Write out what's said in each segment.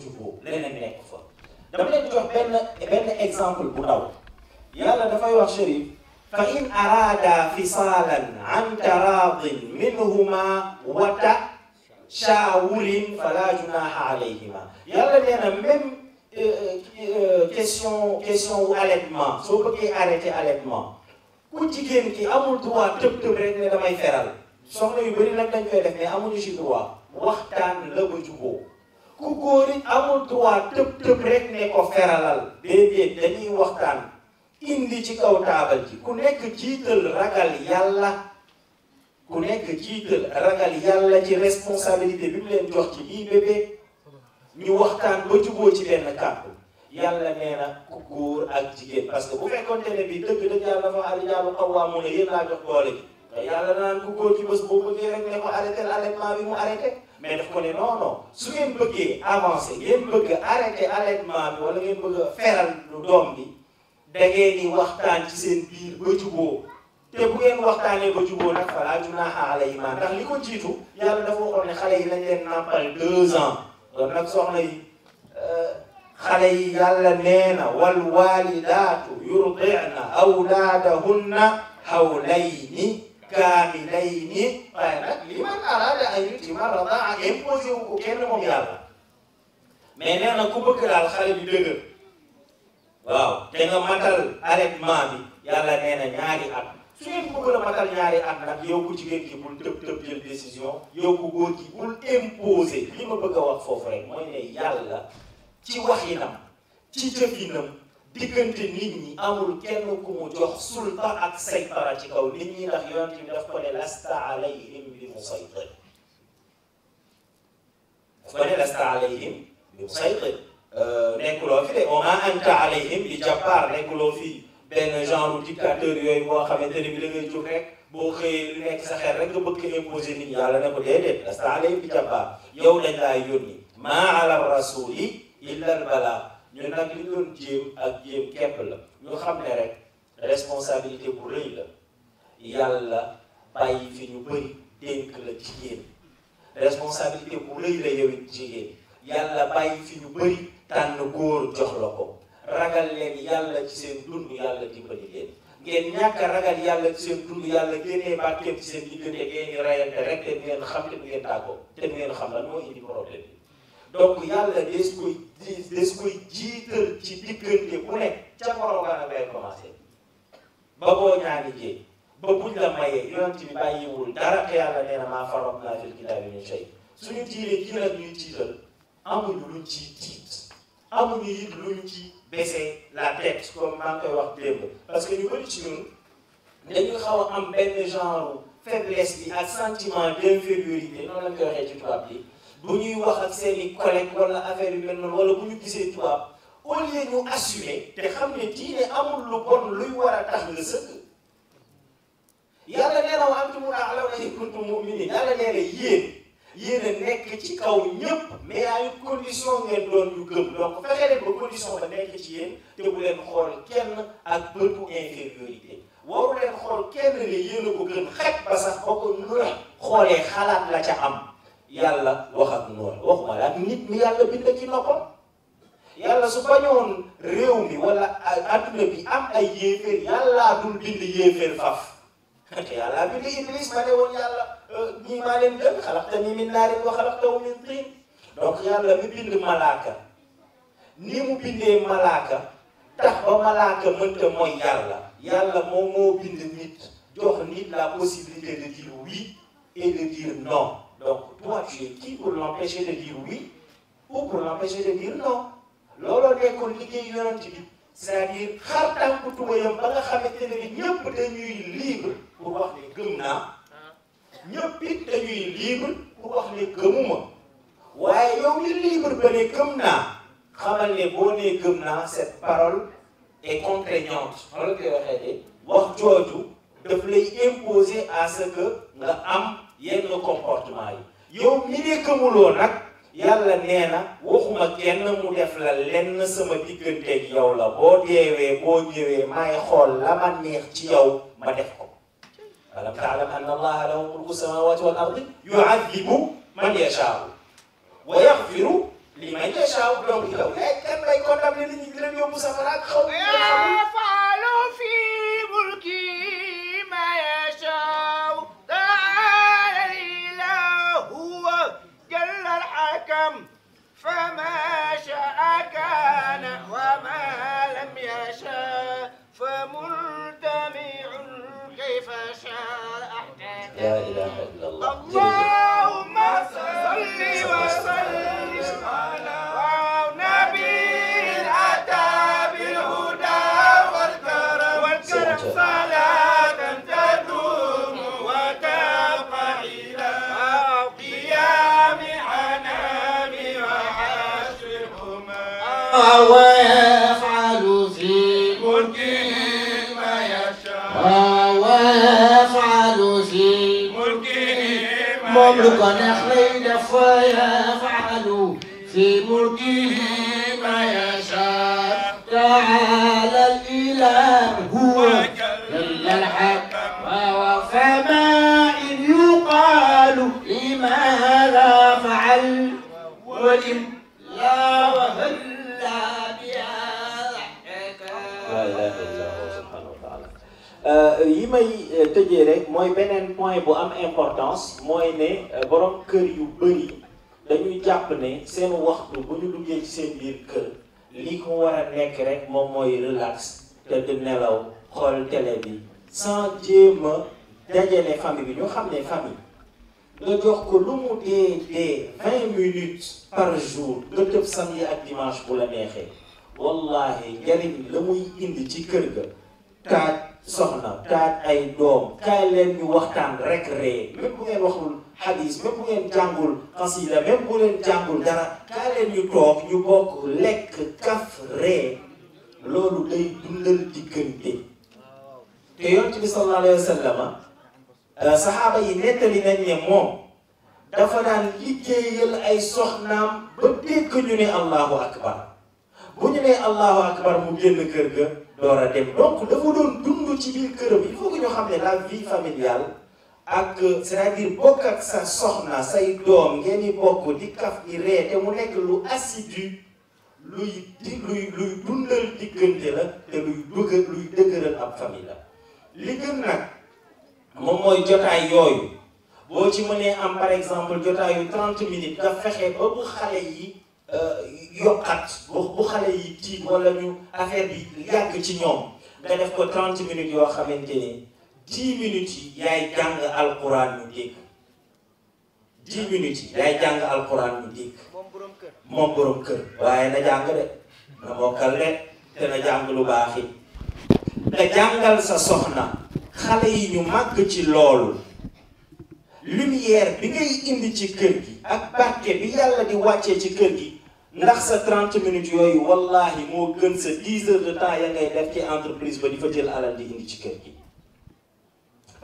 jubboo leneen nekk benn benn exemple bu ndaw yàlla dafay wax chérif fa in araada fisaalan an minhuma wa tashaawurin fala junaha alayhima yàlla nee na même euh, euh, question ku jigéen ki amul droit tëb tëb rek ne damay feral soxna yu bëri nag dañ koy def mais amuñu ci waxtaan la ba juboo ku góor yi amul droit tëb tëb rek ne ko feralal déedéet dañuy waxtaan indi ci kaw taabal ji ku nekk jiital ragal yàlla ku nekk jiital ragal yàlla ci responsabilité bi mu leen jox ci lii bébé ñu waxtaan ba juboo ci benn kàpp yàlla nee na ku góor ak jigéen parce que bu fekkonte ne bi dëgg dëgg yàlla fa ar-rijaalu qawwaamuuna yéen laa jox doole gi te naan ku góor ci bés boo bëggee rek ne ko arrêté allaitement bi mu arrêté mais daf ko ne non non su ngeen bëggee avancer ngeen bëgg a arrêter allaitement bi wala ngeen bëgg a feral lu doom bi da ngeen waxtaan ci seen biir ba juboo te bu ngeen waxtaanee ba juboo nag falaa junaaha alayhimaa ndax li ko jiitu yàlla dafa waxoon ne xale yi lañ leen nàmpal deux ans kon nag soxna yi euh, xale yi yàlla nee na wal waalidaatu yurdi'na awlaadahunna hawlayni kaamilayni waaye nag li man araada an yutima radaa imposé wu ko kenn moom yàlla mais nee na ku bëgg daal xale bi dëgër matal arrêtement bi yàlla nee na at su ngeen bëgg a matal ñaari at nag yow ku jigéen ki bul tëb tëb jël décision yow ku góor ki bul imposé ma bëgg a wax foofu rek mooy ne yàlla ci waxinam ci diggante nit ñi amul kenn ku mu jox sulta ak saytara ci kaw nit ñi ndax yonent bi daf ko ne lasta alayhim bi musaytir euh, nekkuloo fi de wa ma anta alayhim bi jabbaar nekkuloo fi benn genre dictateur yooyu boo xamante ni bi da ngay jóg rek boo xëyee lu sa xel rek nga bëgg imposer nit ñi yàlla ne ko déedéet lasta alayhim bi jabbaar yow dañ laa yónni maa ala rasuli illa al balaa ñun nag li ñu doon ak jéem képp la ñu xam ne rek responsabilité bu rëy la yàlla bàyyi fi ñu bëri dénk la jigéen responsabilité bu rëy la yow it jigéen yàlla bàyyi fi ñu bëri tànn góor jox la ko ragal leen yàlla ci seen dund yàlla dimbali leen ngeen ñàkk a ragal yàlla ci seen dund yàlla génnee barkeem ci seen diggante ngeen di rayante rek te du ngeen xam te du ngeen tàggoo te du ngeen xam lan moo indi problème donc yàlla des koy des koy jiital ci diggante bu ne ca korogana ngay commencé ba boo ñaani jee ba buñ la mayee yonent bi bàyyiwul dara te yàlla nee na maa faram naa fil kitaabi min shay suñu tiiree ji nag ñuy tiital amuñu luñ ci tiit amuñu it luñ ci baisser la tête comme maa ngi koy wax démb parce que ñu bëri ci ñun dañuy xaw a am benn genre faiblesse bi ak sentiment d'infériorité noonu lañ koy waxee ci tubaab bi bu ñuy wax ak seeni i collègues wala affaire yu mel noonu wala bu ñu gisee tubaab au ñu assumer te xam ne diine amul lu bon luy war a tax nga sëkk yàlla nee na wa antumul a'lawna in kuntum mu'minin yàlla nee na yéen yéen a nekk ci kaw ñëpp mais condition ngeen doon ñu gëm donc fexe leen ba condition ba nekk ci yéen te bu leen xool kenn ak bëtu infériorité waru leen xool kenn ne yéen a ko gën xaj ba sax ba ko mën a xoolee xalaat la ca am yàlla wax ak noonu waxuma la ak nit mi yàlla bind ci noppam yàlla su bañoon réew mi wala adduna bi am ay yéeféer yàllaa dul bind yéeféer faf te bind iblis ma ne woon yàlla euh, ñii maa leen gën xalaqtanii min naarin wa xalaqtahu min tiin donc yàlla mi bind malaaka ni mu bindee malaaka tax ba malaaka mënta mooy yàlla yàlla moom moo bind nit jox nit la possibilité de dire oui et de dire Donc, toi, tu es qui pour l'empêcher de dire oui ou pour l'empêcher de dire non looloo nekkoon liggéey yonent bi c'est-à-dire xar tànk tubayam ba nga xamante ne ni ñëpp dañuy libre pour wax ne gëm naa ñëpp it dañuy libre pour wax ne gëmuma waaye yow li libre ba ne gëm naa xamal ne boo nee gëm naa cette parole est contraignante loolu de wax jooju daf lay imposer à ce que nga am yenn comportement yi yow mi ne gëmuloo nag yàlla nee na waxuma kenn mu def la lenn sama digganteeg yow la boo deewee boo ñëwee may xool la ma neex ci yow ma def ko alam taalam anna allaha lahu mulku samawati wal ardi yuadibu man yashaau wa yaxfiru li man yashaau donc yow yaay eh, kan lay condamné nit ñi di leen yóbbu safara ak xaw laa ilaaha illallah allahumma salli wa sallim ala nabiyil ataa bil hudaa wal karam wal karam salaatan taduum wa tabqa ilaa qiyaami anaami wa xaashihuma ملك نخل دف يفعل في ملكه ما يشاء تعالى tëjee rek mooy beneen point bu am importance mooy ne euh, borom kër yu bëri dañuy jàpp ne seen waxtu ba ñu duggee ci seen biir kër li ko war a nekk rek moom mooy relax te du nelaw xool télé bi sans jéem a famille bi ñu xam ne famille nga jox ko lu mu dee dee vingt minutes par jour nga tëb samedi ak dimanche bu la neexee wallahi njariñ la muy indi ci kër ga taaj soxna taat ay doom kaay leen ñu waxtaan rek ree même bu ngeen waxul xadis même bu ngeen jàngul xasida même bu leen jàngul dara kaay leen ñu toog ñu bokk lekk kaf ree loolu day dundal diggante te yonent bi euh, saxaaba yi nettali nañ ne moom dafa daan liggéeyal ay soxnaam ba dégg ñu ne allahu akbar bu ñu nee allahu akbar mu génn kër ga door a dem donc dafa doon dund ci biir këram il faut que ñu xam ne la vie familiale ak c'est-à-dire bokk ak sa soxna say doom ngeen di bokk di kaf di ree te mu nekk lu assidu luy luy dundal diggante la te luy dëgër luy dëgëral ab famille la li gën nag moom mooy jotaay yooyu boo ci mënee am par exemple jotaayu 30 minutes nga fexe ba bu xale yi Euh, yokkat bu bu xale yi tiit wala ñu affaire bi yàgg ci ñoom nga def ko 30 minutes yoo xamante ne 10 minutes yi yaay jàng alquran ñu dégg 10 minutes yaay jàng alquran ñu dégg moom borom kër waaye na jàng de na mokkal de te na jàng lu baax it nga jàngal sa soxna xale yi ñu màgg ci loolu lumière bi ngay indi ci kër gi ak barke bi yàlla di wàccee ci kër gi ndax sa 30 minutes yooyu wallahi moo gën sa 10 heures de temps ya ngay def ci entreprise ba di fa jël alal di indi ci kër gi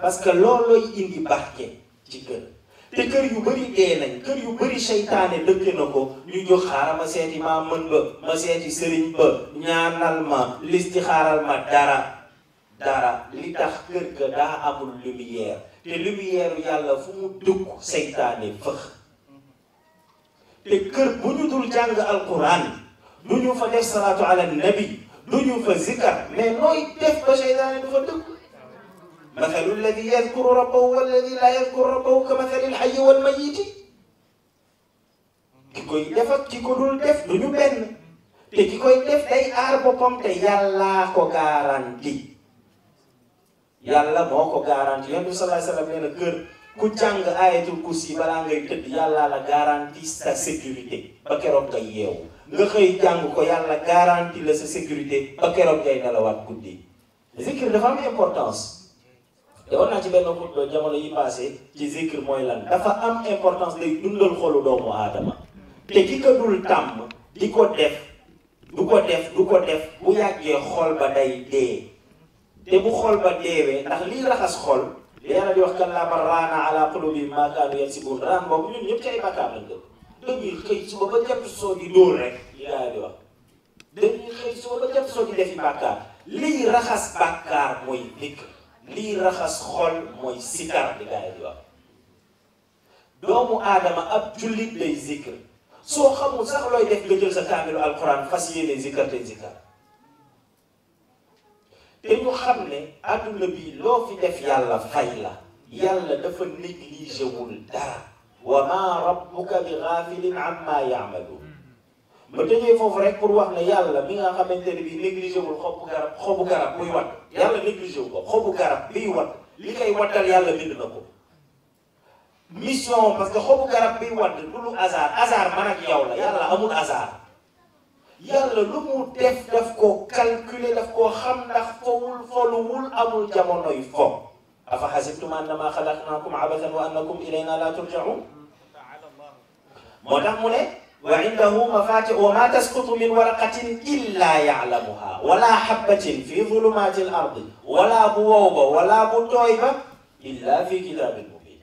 parce que loolooy indi barke ci kër te kër yu bëri dee nañ kër yu bëri seytaane dëkke na ko ñu jox xaaral ma seeti maa mën ba ma seeti sëriñ ba ñaanal ma listi xaaral ma dara dara li tax kër ga daa amul lumière te lumière yàlla fu mu dugg seytaane fëx te kër bu ñu dul jàng alquran du fa def salaatu ala nabi du fa zikar mais nooy def ba seytaane du fa dëkk mathalu alladi yadkuru rabbahu walladi laa yadkuru rabbahu ka mathali alxayi walmayiti ki koy def ak ki ko dul def du ñu def day aar boppam te yàllaa ko garanti yàlla moo ko garanti yonent bi sallallahu alayhi wa kër ku jàng ayatul kursi balaa ngay tëdd yàlla la garantie sa sécurité ba keroog nga yeewu nga xëy jàng ko yàlla garantie la sa sécurité ba keroog ngay nelawaat guddi zikir dafa am importance ci benn jamono yi passé ci zikir mooy dafa am importance day dundal xolu doomu aadama te ki ko dul tàmm di ko def du ko def du ko def bu yàggee xol ba day dee te bu xol ba deewee ndax liy raxas xol li yàlla di wax kallaa ba raana ala quluubihim maa kaanu yaksibuun raan boobu ñun ñëpp ci ay bàkkaar lañ dëkk dañuy xëy suba ba jant soo di dóor rek li yàlla di wax dañuy xëy suba ba jant soo di defi bàkkaar liy raxas bàkkaar mooy dikk liy raxas xol mooy sikar di gars di wax doomu aadama ab jullit day zikr soo xamul sax looy def nga jël sa kaamilu alquran fas yéene zikar te zikar te ñu xam ne adduna bii loo fi def yàlla fay la yàlla dafa négligé wul dara wa ma rabbuka bi gaafilin amma foofu rek pour wax ne yàlla bi nga xamante ne bii négligé wul xobu garab xobu garab buy wat yàlla négligé wu ko xobu garab biy wat li koy wattal yàlla bind ko mission parce que xobu garab biy wat du lu hasard hasard man ak yow la yàlla amul hasard yàlla lu mu def daf koo calculer daf koo xam ndax fowul foluwul amul jamonoy fo afa xasibtum annama xalaqnaakum abathan wa annakum ilayna la turjaun moo tax mu ne wa indahu mafatih wa ma tasqutu min waraqatin illa yaalamuha wala habatin fi zulumati l ardi wala bu wow ba wala bu tooy ba illa fi kitabin mubin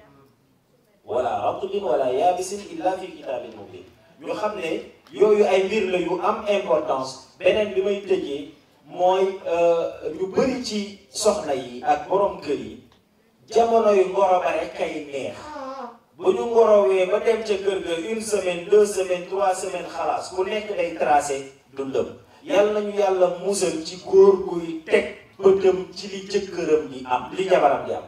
wala ratbin wala yabisin illa fi kitabin mubin ñu xam ne yooyu ay mbir la yu am importance beneen bi may tëjee mooy euh, ñu bëri ci soxna yi ak borom kër yi jamono yu ngoro ba rek kay neex bu ñu ngorowee ba dem ca kër ga une semaine deux semaines trois semaines xalaas ku nekk day tracé dundam yàlla nañu yàlla musal ci góor guy teg bëtam ci li jëkkëram di am li jabaram di am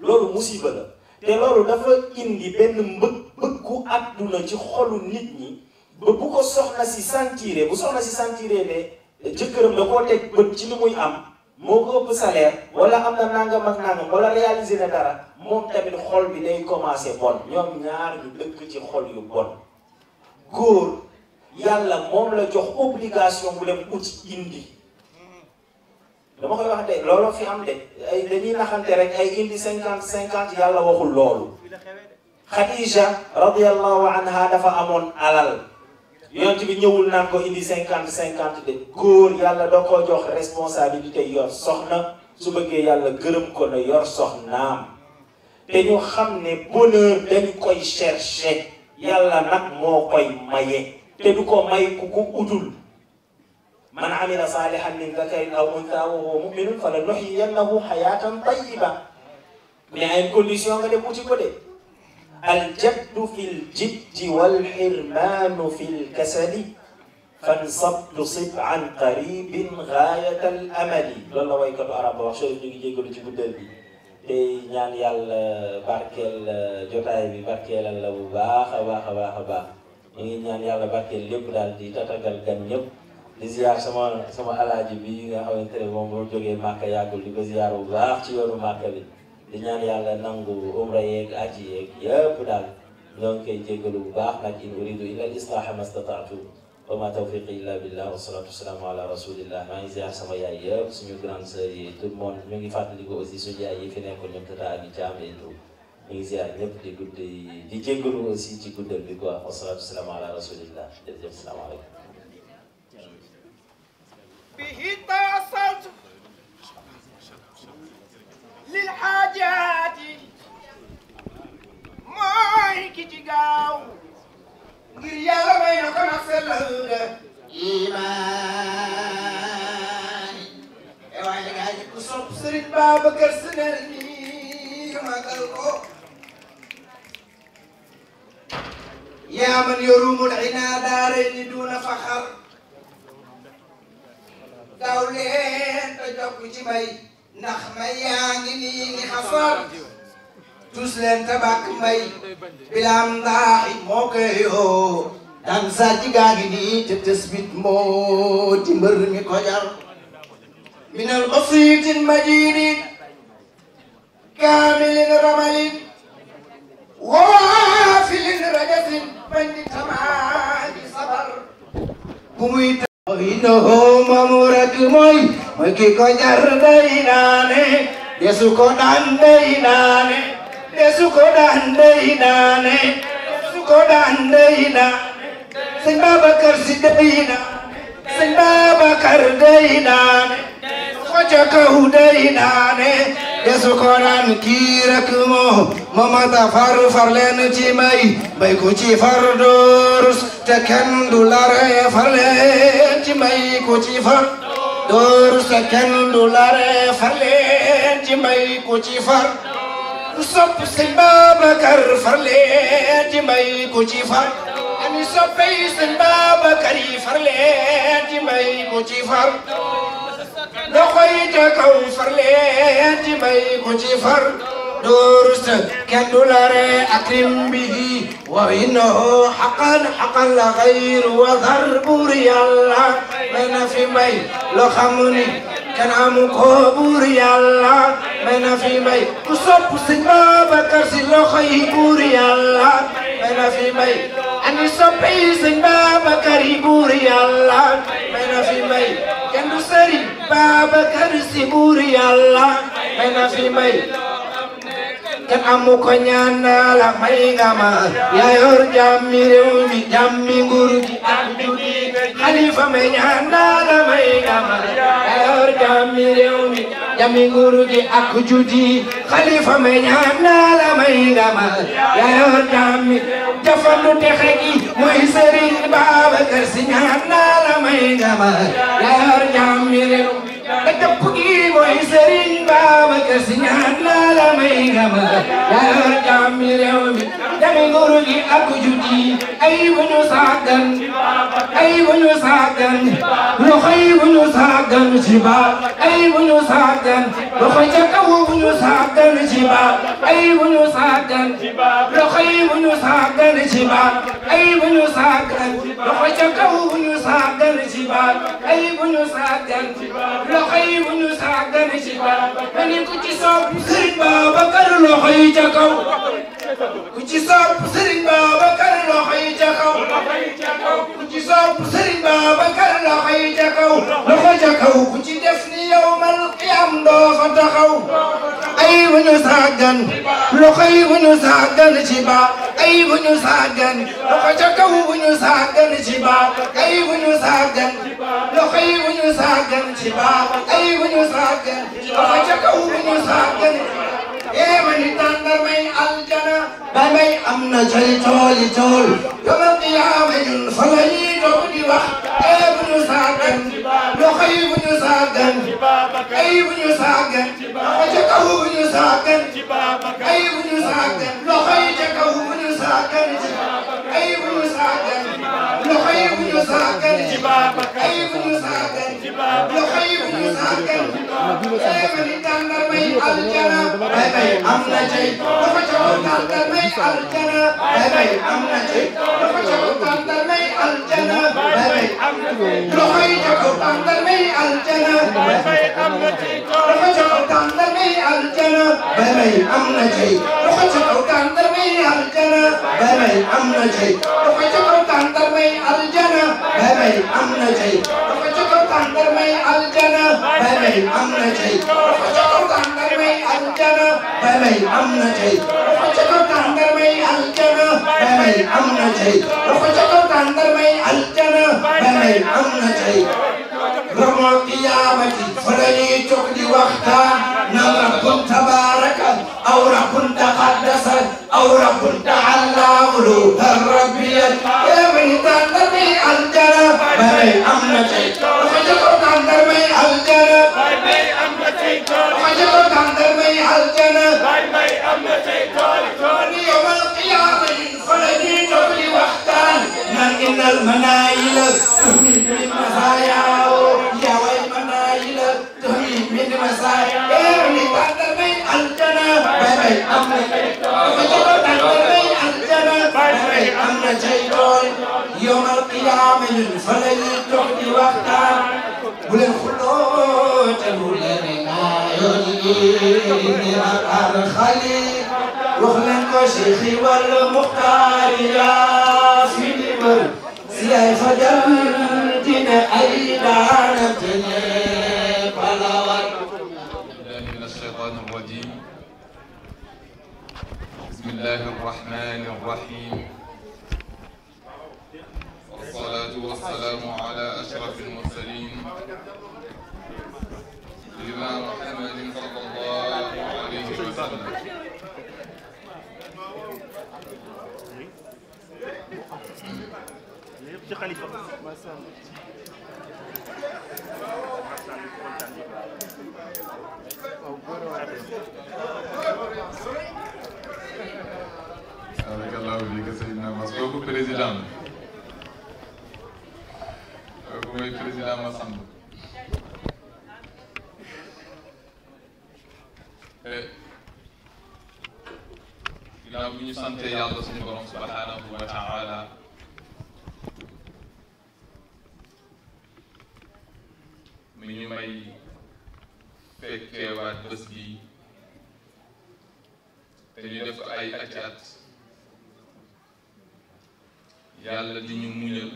loolu musiba la te loolu dafa indi benn mbëgg bëggu àdduna ci xolu nit ñi ba bu ko soxna si sentiré bu soxna si sentiré ne jëkkëram da koo teg bët ci li muy am moo ko ëpp salaire wala am na nangam ak nangam wala réalisé na dara moom tamit xol bi day commencé bon ñoom ñaar ñu dëkk ci xol yu bon góor yàlla moom la jox obligation bu dem uti indi dama koy wax de looloo fi am de ay dañuy naxante rek ay indi cinquante cinquante yàlla waxul loolu Khadija radiyallahu anha dafa amoon alal yonent bi ñëwul naan ko indi cinquante cinquante de góor yàlla da ko jox responsabilité yor soxna su bëggee yàlla gërëm ko na yor soxnaam te ñu xam ne bonheur dañ koy chercher yàlla nag moo koy maye te du ko may ku ko utul man amila salihan min zakarin aw untha wa huwa mu'minun falanuhyiyannahu hayatan tayyiba mais ay condition nga dem uti ko de aljabdu fi ljiddi walxirmaanu fi lkasali fansabtu sib an qaribin gaayat al amali loolu la waykatu arab ba wax soo ñu ngi jégalu ci guddal bi te ñaan yàlla barkeel euh, jotaay bi barkeelal la bu baax a baax a baax a baax ñu ngi ñaan yàlla barkeel lépp daal di tatagal gan ñëpp di ziar sama sama alaaji bi nga xamante ne moom moo jógee màkka yàggul di ko ziar bu baax ci yoonu màkka bi di ñaan yàlla nangu umra yeeg aji yeeg yëpp daal ñoo ngi koy jégalu bu baax nag in uridu illa al islaha mastataatu wa ma tawfiqi illa billah wa salaatu wasalaamu ala rasulillah maa ngi ziar sama yaay yëpp suñu grande sœur yi tout le ñu ngi fàttaliku aussi suñu yaay yi fi nekkoon ñoom tata ak jaam et tout ñu ngi ziar ñëpp di gudd di jégalu aussi ci guddal bi quoi wa salaatu wasalaamu ala rasulillah jërëjëf salaamaaleykum من يروم العنا دارين دون فخر داولين تجوك جبي نخمي يعني حفر تسلم تباك مي بلام داعي موكيو دان ساجي غاني تتسبيت مو تمر مي كوجار من القصيد المجيد كامل رمل bañ tamaa di sabar bu muy taw innahu mamurad mooy mooy ki ko jar day naane desu ko daan day naane desu ko daan day naane desu ko daan day naane sëñ Babacar Si day naane sëñ Babacar day naane ko ca kaw day naane desu ko naan kii rek moo momata far far leen ci may bay ku ci far doorus te kenn du lare far leen ci may ku ci far du sopp sëñ Babacar far leen ci may ku ci far ani soppey sëñ Babacar far leen ci may ku ci far loxoy ca kaw far leen ci may ko far doorus kenn du la ree bihi wa innahu xaqan xaqan la xayru wa dar buur yàlla may na fi may loo xam ni kenn amu ko buur yàlla na fi may ku sopp sëñ Si loxoy buur yàlla may na fi na fi may kenn du Babacar si buur yàlla may na fi may kenn amu ko ñaan may nga ma yaa yor jàmmi réew nguur gi ak juddi xalifa may ñaan may nga ma jami nguuru gi ak judi xalifa me ñaan naa la may ngamal yaa yor jàmmi jafandu texe gi mooy sëriñ Babacar Si ñaan naa la may ngamal yaa yor jàmmi réew da jëpp gi mooy sëriñ Babacar Si ñaan naa la may ngamal yaa yor jàmmi réew mi doomi nguur gi ak jub yi ay bu ñu sàggan ay bu ñu sàggan loxo yi bu ñu sàggan ci ba ay bu ñu sàggan loxo ca kaw bu ñu sàggan ci ba ay bu ñu sàggan loxo yi bu ñu sàggan ci ba ay bu ñu sàggan loxo ca kaw bu ñu sàggan ci ba ay bu ñu sàggan loxo yi bu ñu sàggan ci ba ma ne ku ci soob Sëriñ Babacar loxo yi ca kaw ku ci soob sopp Serigne Babacar loxo yi ca kaw ku ci sopp Serigne Babacar loxo yi ca kaw loxo ca kaw ku ci def ni yow mal qiyam doo fa taxaw ay bu ñu sàggan loxo yeewali tàndar may aljana damay am na cay tooli tool yomal qiyaama ñun fa la ñuy toog di wax ee bu ñu saagan loxo yi bu ñu saagan ay bu ñu saagan loxo yi ca kaw ñu saagan ay bu ñu saagan ابن ساكن جباب أي ابن ساكن جباب لخي ابن ساكن جباب أي من تندر مي الجنة أي بي أمنا جي لفجو تندر مي الجنة أي بي أمنا جي لفجو تندر مي الجنة أي بي لخي جو تندر مي الجنة أي بي أمنا جي لفجو تندر مي الجنة أي بي أمنا جي لفجو تندر مي الجنة أي بي أمنا جي لفجو تندر مي الجنة Baye May am na tey dafa ci kontaan am na tey dafa ci kontaan da may aljana Baye May am na tey dafa ci kontaan da may aljana Baye May am na tey dafa ci kontaan da may aljana waxtaan. الشيخ والمختار يا في المن سيف جلدنا أي لعنتنا بسم الله الرحمن الرحيم والصلاة والسلام على أشرف المرسلين سيدنا محمد صلى الله عليه وسلم lépp ci xalifa barakallahu fiika Seydina Mass kooku président la kooku mooy président Massamba ginnaaw bi ñu sante yàlla suñu borom subhanahu wa taala mi ñu may fekkeewaat bés bi te ñu def ay ati at yàlla di ñu muñal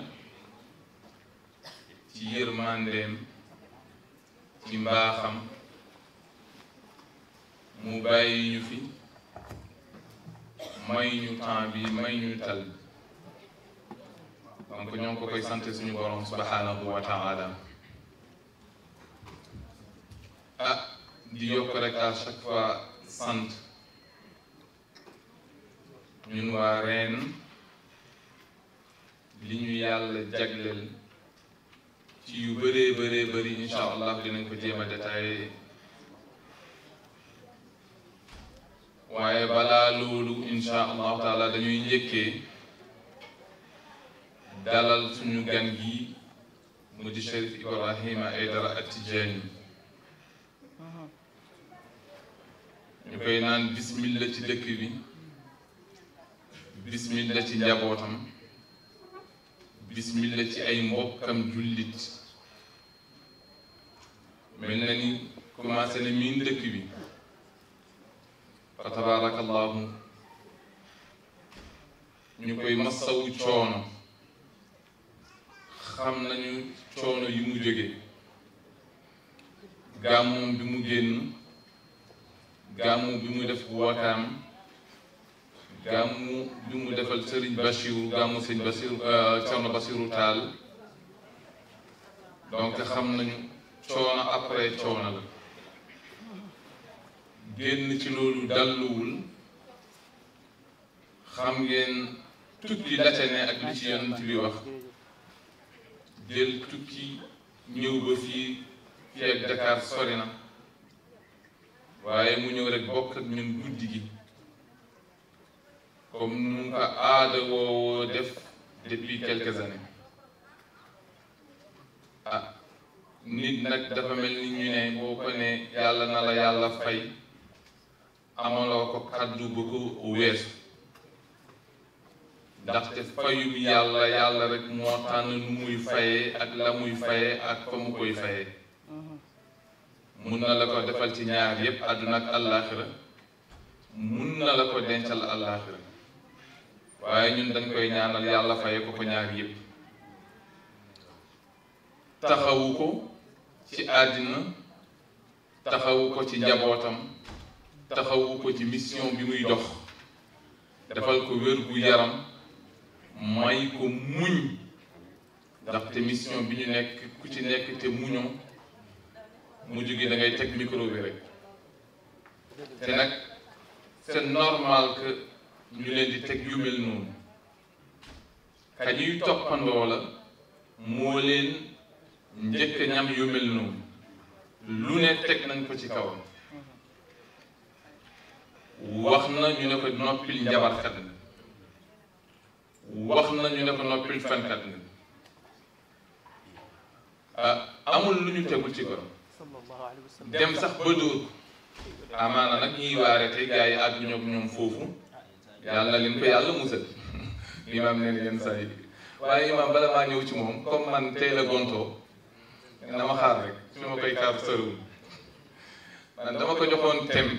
ci yërmandeem ci mbaaxam mu bàyyi ñu fi may ñu temps bi may ñu tal bi donc ñoo ngi ko koy sant suñu borom subhanahu wa taala di yokk rek à chaque fois sant ñun waa reen li ñu yàlla jagleel ci yu bëree bëree bëri incha allah dinañ ko jéem a détaillé waaye balaa loolu incha allahu taala dañuy njëkkee dalal suñu gan gi mu di Chérif Ibrahima Aidara At Tidjani ñu koy naan bismillah ci dëkk bi bismillah ci njabootam bismillah ci ay mbokkam jullit mel na ni commencé na miin dëkk bi fa tabarakallahu ñu koy massawu coono xam nañu coono yi mu jóge gàmmoom bi mu génn gàmmu bi muy def wakaam gàmmu bi mu defal Serigne Bachirou gàmmu sëñ Bachirou euh, Thierno donc xam nañu coono après coono la génn ci loolu dalluwul xam ngeen tukki la ak li ci yonent bi wax jël tukki ñëw ba fii fii ak sori na. waaye mu ñëw rek bokk ñun guddi gi comme nu mu ko aada woowoo def depuis quelques années ah nit nag dafa mel ni ñu ne boo ko ne yàlla na la yàlla fay amaloo ko kàddu bu ko weesu ndaxte fayum yàlla yàlla rek moo tànn nu muy fayee ak la muy fayee ak fa mu koy fayee mun na la ko defal ci ñaar yépp àdduna ak àllaaxira mun na la ko dencal àllaaxira waaye ñun dañ koy ñaanal yàlla faye ko ko ñaar yépp taxawu ko ci àddina taxawu ko ci njabootam taxawu ko ci mission bi muy dox defal ko wér gu yaram may ko muñ ndaxte mission bi ñu nekk ku ci nekk te muñoo mu gi da ngay teg micro rek te nag c'est normal que ñu leen di teg yu mel noonu ka ñuy toppandoo la moo leen njëkk ñam yu noonu lu ne teg nañ ko ci kawam wax na ñu ne ko noppil njabarkat nga wax na ñu ne ko noppil fenkat nga ah, amul lu ñu tegul ci kon dem sax ba dóor amaana nag ñuy waare tey gars yi àgg ñoom ñoom foofu yàlla leen ko yàlla musal imaam nee na yenn saa yi waaye imaam bala maa ñëw ci moom comme man tey la gontoo na ma xaar rek su ma koy kaar soriwul man dama ko joxoon thème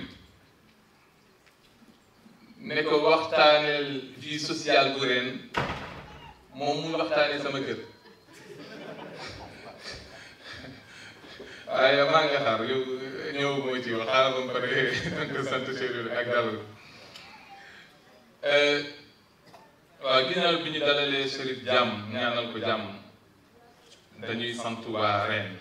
ne ko waxtaaneel vie sociale bu moom mu waxtaanee sama kër. waaye maa ngi xaar yow ñëwuma ci wax xaaral ma pare danga sant Serigne ak dalal euh, waaw ginnaaw bi ñu dalalee Cherif jàmm ñaanal ko jàmm dañuy sant waa Rennes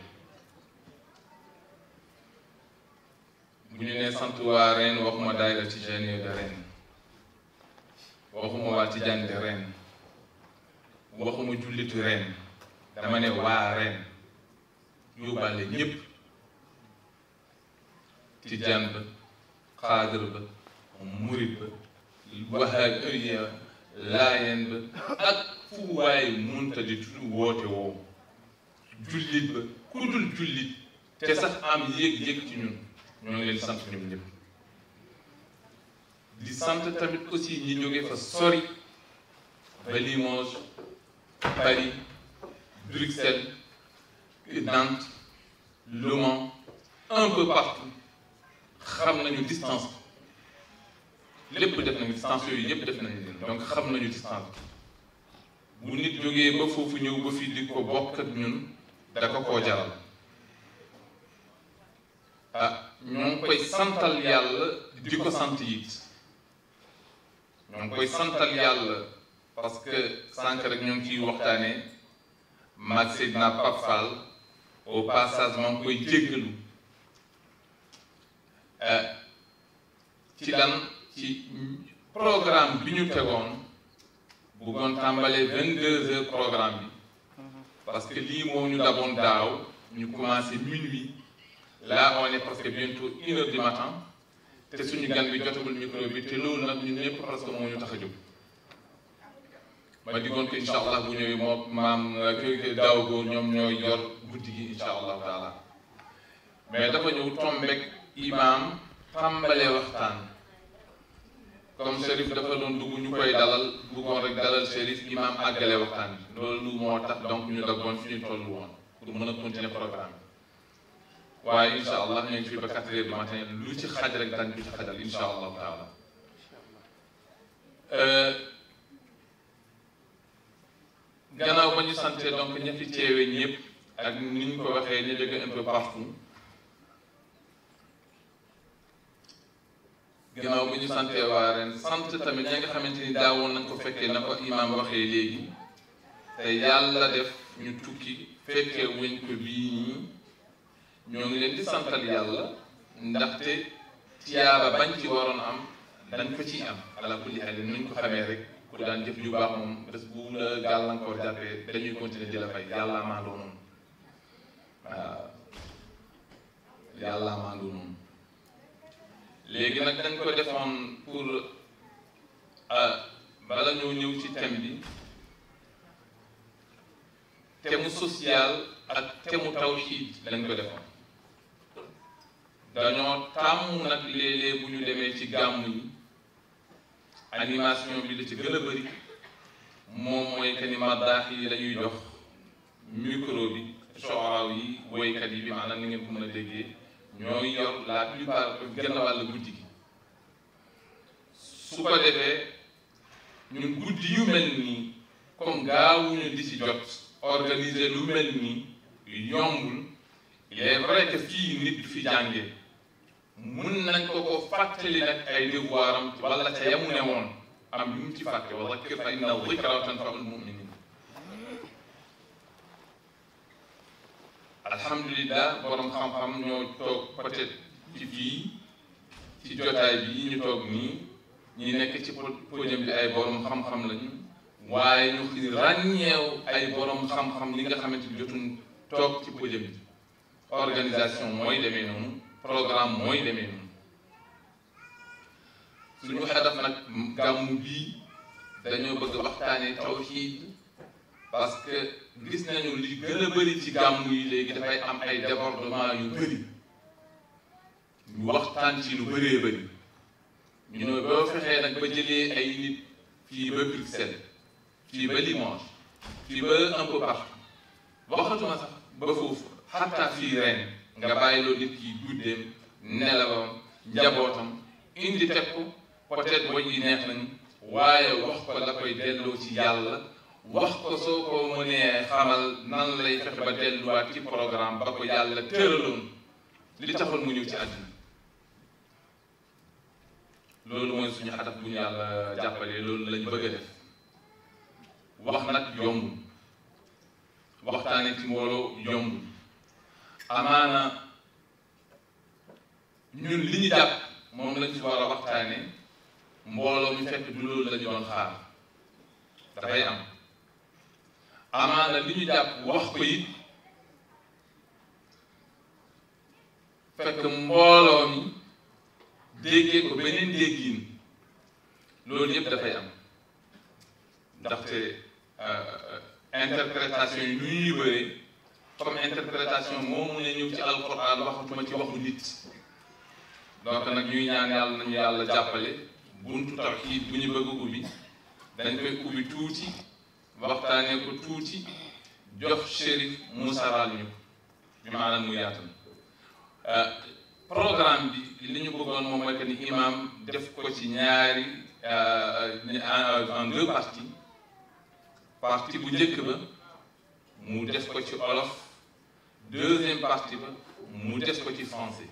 bu ñu nee sant waa Rennes waxuma daayira Tijaaniyya de Rennes waxuma waa Tijaan de Rennes waxuma jullitu Rennes dama ne waa Rennes yóbbaale ñépp tijaan ba xaadir ba murit ba waxaat ëriya laayeen ba ak fu waaye munta di tudd woote woowu jullit ba ku dul jullit te sax am yéeg-yéeg ci ñun ñoo ngi leen sant ñoom di sant tamit aussi ñi jóge fa sori ba Limoges Paris Nantes Le Mans un peu partout xam nañu distance lépp def nañu distance yooyu yëpp def nañu leen donc xam nañu distance bu nit jógee ba foofu ñëw ba fii di ko bokk ak ñun da ko koo jaral ah ñoo koy santal yàlla di ko sant it ñoo ngi koy santal yàlla parce que sànq rek ñoo ngi ciy waxtaanee maag Seydina au passage maa ngi koy jéggalu ci lan ci programme bi ñu tegoon bëggoon tàmbalee vingt deux heures programme bi parce que lii moo ñu daboon daaw ñu commencé minuit là on est presque bientôt une heure du matin te suñu gan bi jotagul micro bi te loolu nag ñun ñëpp presque moo ñu tax a jóg ma digoon ko incha allah bu ñëwee moo maam daaw boobu ñoom ñooy yor. guddi gi incha allahu taala mais dafa ñëw tombeek imaam tàmbalee waxtaan comme Cherif dafa doon dugg ñu koy dalal bëggoon rek dalal Cherif imaam àggale waxtaan bi loolu moo tax donc ñu daggoon fi ñu toll woon pour mën a continuer programme bi waaye incha allah ñu fi ba quatre heures lu ci xaj rek daan ñu ci xajal incha allahu taala euh, gannaaw ba ñu sante donc ña fi teewee ñëpp. ak ni ñu ko waxee ñu jóge un peu partout ginnaaw bi ñu santee waa ren sant tamit ña nga xamante ni daawoon nañ ko fekkee na ko imaam waxee léegi te yàlla def ñu tukki fekkee wuñ ko bii ñii ñoo ngi leen di santal yàlla ndaxte tiyaaba bañ ci waroon am dañ ko ciy am ala kulli halin nuñ ko xamee rek ku daan jëf ju baax moom bés bu la gàllankoor jàppee dañuy continuer di fay yàlla maa doonoon Euh, yàlla maa ngi noonu léegi nag dañ ko defoon pour euh, bala ñoo ñëw ci tem bi thème mu ak temu mu tawxiid lañ ko defoon dañoo tàmm nag léeg bu ñu demee ci gàmm yi animation bi la ci gën a bëri moom mooy que ni yi la ñuy jox bi. sooraaw yi woykat yi bi maanaam ni ngeen ko mën a déggee ñooy yor la plupart genn wàll guddi gi su ko defee ñun guddi yu mel nii comme gaawuñu di si jot organiser lu mel nii yombul il est vrai que fii nit du fi jànge mun nañ ko ko fàttali nag ay devoiram wala ca yamu ne woon am lu mu ci fàtte wa zakkir fa inna zikra tanfa'ul mu'minin alhamdulilah borom xam-xam ñoo toog peut-être ci fii ci jotaay bi ñu toog nii ñi nekk ci podium bi ay borom xam-xam lañu waaye ñu xi ràññeew ay borom xam-xam li nga xamante ni jotuñ toog ci podium bi mooy demee noonu programme mooy demee noonu suñu hadaf nag gàmmu bii dañoo bëgg waxtaanee tawxiid parce que gis nañu li gën a bëri ci gàmm yi léegi dafay am ay débordement yu bëri ñu waxtaan ci lu bëree bëri ñu ne boo fexee nag ba jëlee ay nit fii ba Bruxelles fii ba Limoges fii ba un peu partout waxatuma sax ba foofu xataa fii ren nga bàyyiloo nit ki guddeem nelawam njabootam indi teg ko peut yi neex nañ waaye wax ko la koy delloo ci yàlla wax ko soo ko mënee xamal nan lay fexe ba delluwaat ci programme ba ko yàlla tëraloon li taxoon mu ñëw ci àddina loolu mooy suñu xadaf bu ñu yàlla jàppalee loolu lañ bëgg a def wax nag yomb waxtaane ci mbooloo yomb li moom lañ war a mbooloo fekk du loolu la ñu doon xaar dafay am amaana li ñu jàpp wax ko it fekk mbooloo mi déggee ko beneen déggiin loolu yëpp dafay am ndaxte euh, interprétation yi nu ñuy bëree comme interprétation moo mun a ñëw ci alquran waxatuma ci waxu nit donc nag ñuy ñaan yàlla nañu yàlla jàppale buntu tawxiid bu ñu bëgg ubbi dañ koy ubbi tuuti waxtaanee ko tuuti jox Chérif Moussa Wall ñu ko ñu maanaam mu euh, programme bi li ñu bëggoon moom mooy que ni imam def ko ci ñaari euh, en deux parties partie bu njëkk ba mu def ko ci olof deuxième partie ba mu def ko ci français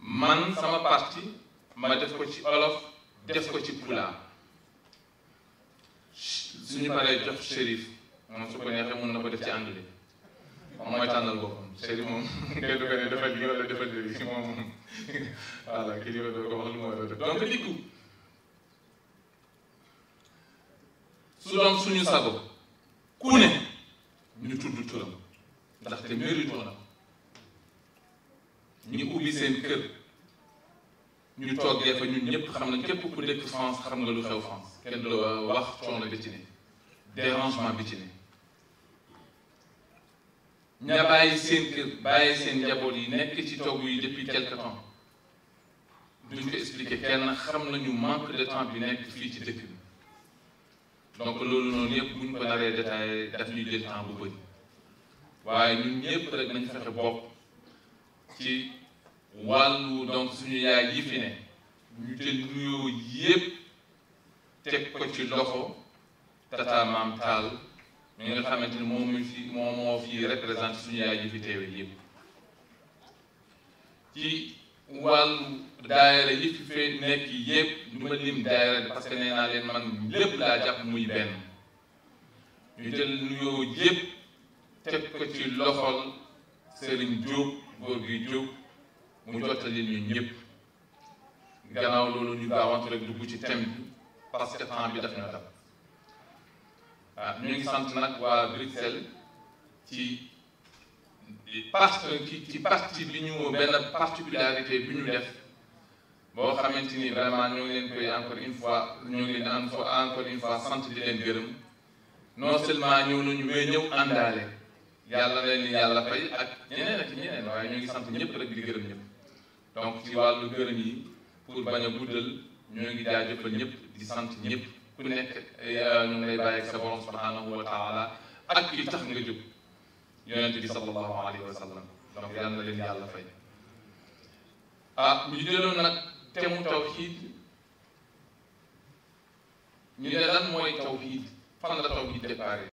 man sama partie ma def ko ci olof def ko ci pulaar suñu paree jox shérif moom su ko neexee mën na ko def ci ànd bi moom mooy tànnal boppam shérif moom kenn du ko ne defal bi wala defal bi moom voilà kii ko doo ko wax lu mu war a def dikku su doon suñu sago ku ñu tudd turam ndaxte mérite na ñu ubbi seen kër ñu toggee fa ñun ñëpp xam nañ képp ku dëkk France xam nga lu xew France kenn du wax coono bi ci ne dérangement bi ci ne ña bàyyi seen kër njaboot yi nekk ci togg yi depuis quelque temps duñ ko expliquer kenn xam nañu manque de temps bi nekk fii ci dëkk bi donc loolu noonu yëpp buñ ko naree détaillé daf ñuy jël temps bu bëri waaye ñun ñëpp rek nañ fexe bopp ci wàllu donc suñu yaay yi ne ñu jël nuyoo yëpp. teg ko ci loxo tata maam taal mi nga xamante ni fi moom fi représenté suñu yaay ji fi teewe ci wàllu daayira yi fi nekk yëpp du ma lim daayira parce que leen man lépp laa jàpp muy benn ñu jël nuyoo yëpp teg ko ci loxol Serigne Diop góor gi Diop mu jottali ñu ñëpp gannaaw loolu ñu gaawantu rek dugg ci thème parce que temps bi def na dab waaw ah, ñu ngi sant nag waa Bruxelles ci parti ci ci parti bi ñu benn particularité bi ñu def boo xamante ni vraiment ñoo ngi leen koy encore une fois ñoo ngi leen encore une fois sant di leen gërëm non seulement ñëw nañu mais ñëw àndaale yàlla leen yàlla fay ak ñeneen ak ñeneen waaye ñoo ngi sant ñëpp rek di gërëm ñëpp donc ci wàllu gërëm yi pour bañ a guddal ñoo ngi jaajëfal ñëpp. di sant ñëpp ku nekk ñu eh, ngi lay bàyyi sa borom subhanahu wa taala ak li tax nga jóg yonent bi sallallahu alayhi wa sallam donc yal na leen yàlla fay ah ñu jëloon nag temu tawxiid ñu ne lan mooy tawxiid fan la tawxiid déparé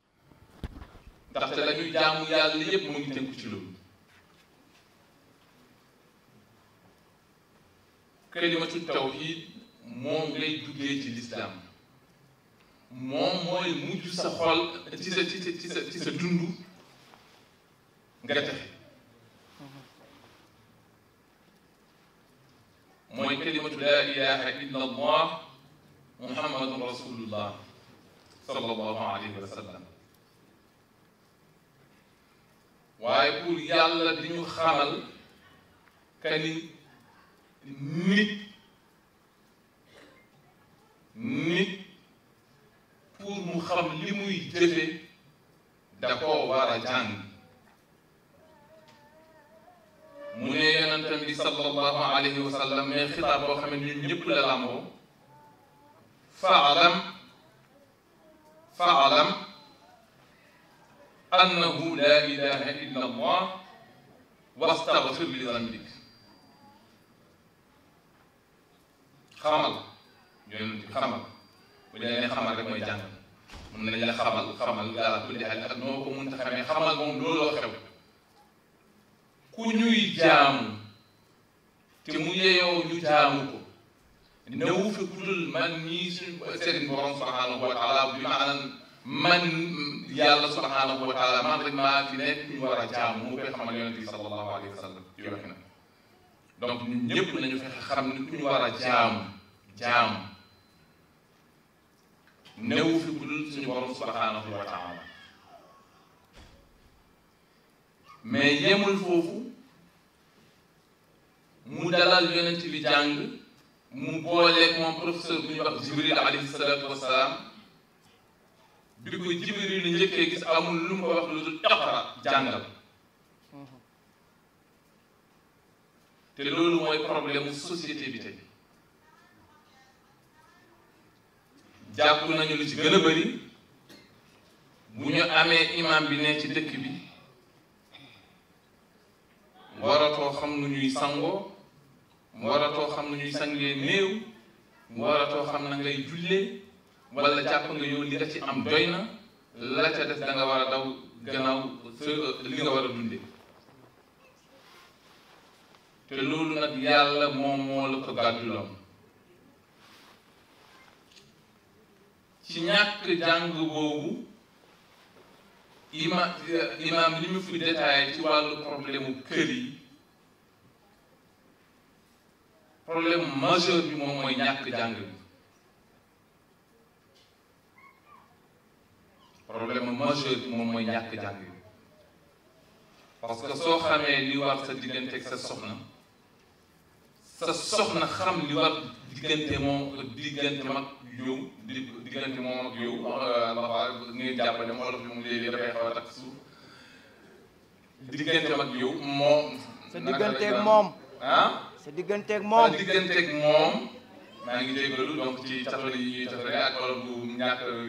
ndaxte la jaamu yàlla yëpp mu ngi tënku ci loolu kalimatu tawxiid moom ngay duggee ci lislaam moom mooy mujj sa xol ci sa ci sa ci sa dund nga texe mooy allah muhammadun rasulullah sallallahu alayhi wa sallam waaye pour yàlla di ñu xamal kani nit nit pour xam li muy jëfe da koo war a jàng mu ne yonentam bi sallallahu alayhi wa sallam mais xitaab boo xam la làmboo faalam faalam annahu la ilaha illa allah wastaghfir li dambik xamal yonent bi xamal bu dee ne xamal rek mooy jàng mën nañ la xamal xamal yàlla ku di ak noo ko mënta xamee xamal moom looloo xew ku ñuy jaamu te mu yeyoo ñu jaamu ko newu fi ku dul man ñii suñu sëriñ borom subhanahu wa taala bi maanaam man yàlla subhanahu wa taala man rek maa fi nekk ñu war a jaamu moo koy xamal yonent bi sallallahu alayhi wa sallam yoo xam ne donc ñun ñëpp nañu fexe xam ne ku ñu war a jaamu jaamu newu fi ku dul suñu borom subhanahu wa taala mais yemul foofu mu dalal yonent bi jàng mu booleeg moom professeur bu ñuy wax jibril alayhi salaatu wassalaam bi ko jibril njëkkee gis amul lu mu ko wax lu dul iqra jàngal mhm. te loolu mooy problème mu bi tey jàpp nañu la ci gën a bëri bu ñu amee imam bi ne ci dëkk bi waratoo xam nu ñuy sangoo waratoo xam nu ñuy sangee néew xam na ngay jullee wala jàpp nga yow li nga ci am doy na la ca des danga war a daw gannaaw li nga war a dunde te loolu nag yàlla moom moo la ko gàdduloon ci ñàkk jàng boobu ima imaam li mu fi détaillé ci wàllu problème mu kër yi problème majeur bi moom mooy ñàkk jàng bi problème majeur bi moom mooy ñàkk jàng bi parce que soo xamee li war sa diggante ak sa soxna sa soxna xam li war diggante moom diggante mag yow di diggante moom ak yow Mbacar léegi dafay xaw a takk suuf digganteem ak yow moom. sa digganteeg moom sa digganteeg moom maa ngi jégalu donc ci cafale yi ak wala bu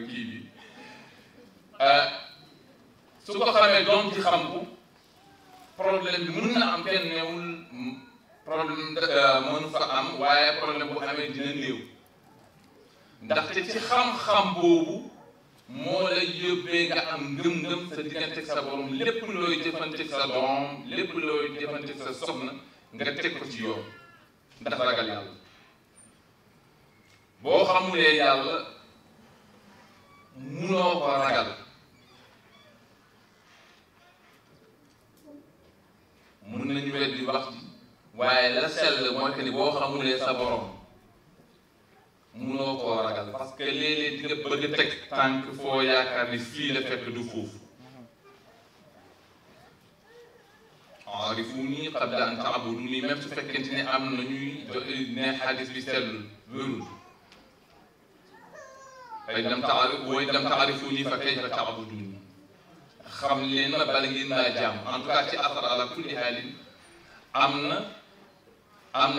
kii bi euh, su ko xamee doom ji xam ko problème bi mën na am kenn newul problème euh, mënu fa am waaye problème bu amee dina néew. ndaxte ci xam-xam boobu moo lay yóbbee nga am ngëm-ngëm sa diggante sa borom lépp looy jëfanteeg sa doom lépp looy jëfanteeg sa soxna nga teg ko ci yoon ndax ragal yàlla boo xamulee yàlla munoo ko ragal mun nañu weddi wax ji waaye la sell mooy que ni boo xamulee sa borom. munoo koo ragal parce que léeg-léeg di bëgg teg tànk foo yaakaar ni fii la fekk du foofu aarifuuni qabla an taabuduni même su fekkente am na ñuy ne bi sellul wérul fa in lam taarif ci asar am na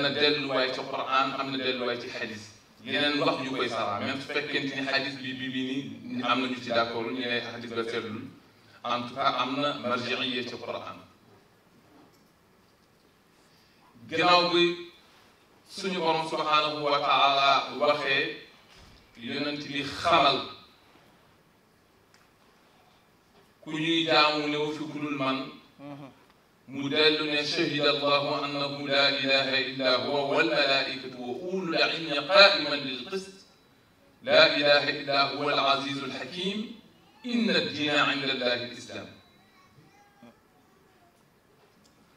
na delluwaay ci Qur'an am na delluwaay ci xadis yeneen wax yu koy sara même su fekkente ni xadis bi bi bi ni am na ñu ci d'accord ñu ne xadis en tout am na marjiiya ci Qur'an gannaaw bi suñu borom subhaanahu wa taala waxee yonent xamal ku ñuy jaamu ne wu fi man mhm. mu dellu ne shahida allahu annahu laa ilaha illa huwa wal malaikatu wa ulul ilmi qaiman bil qist laa ilaha illa huwa al azizu al hakim inna diina inda allahi al islam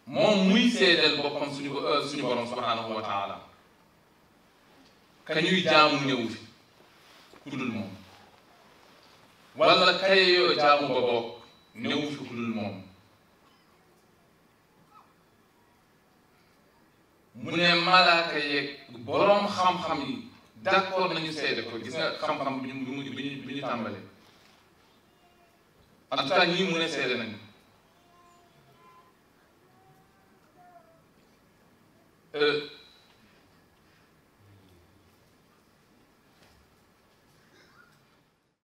moom muy seedeel boppam suñu suñu borom subhanahu wa taala ka ñuy jaamu ñëw fi ku dul moom wala kaye yoo jaamu ba bokk ñëw fi ku dul moom mu ne malaaka yeeg boroom xam-xam yi d'accord nañu seede ko gis xam-xam bi ñu bi ñu bi ñii mu seede nañu euh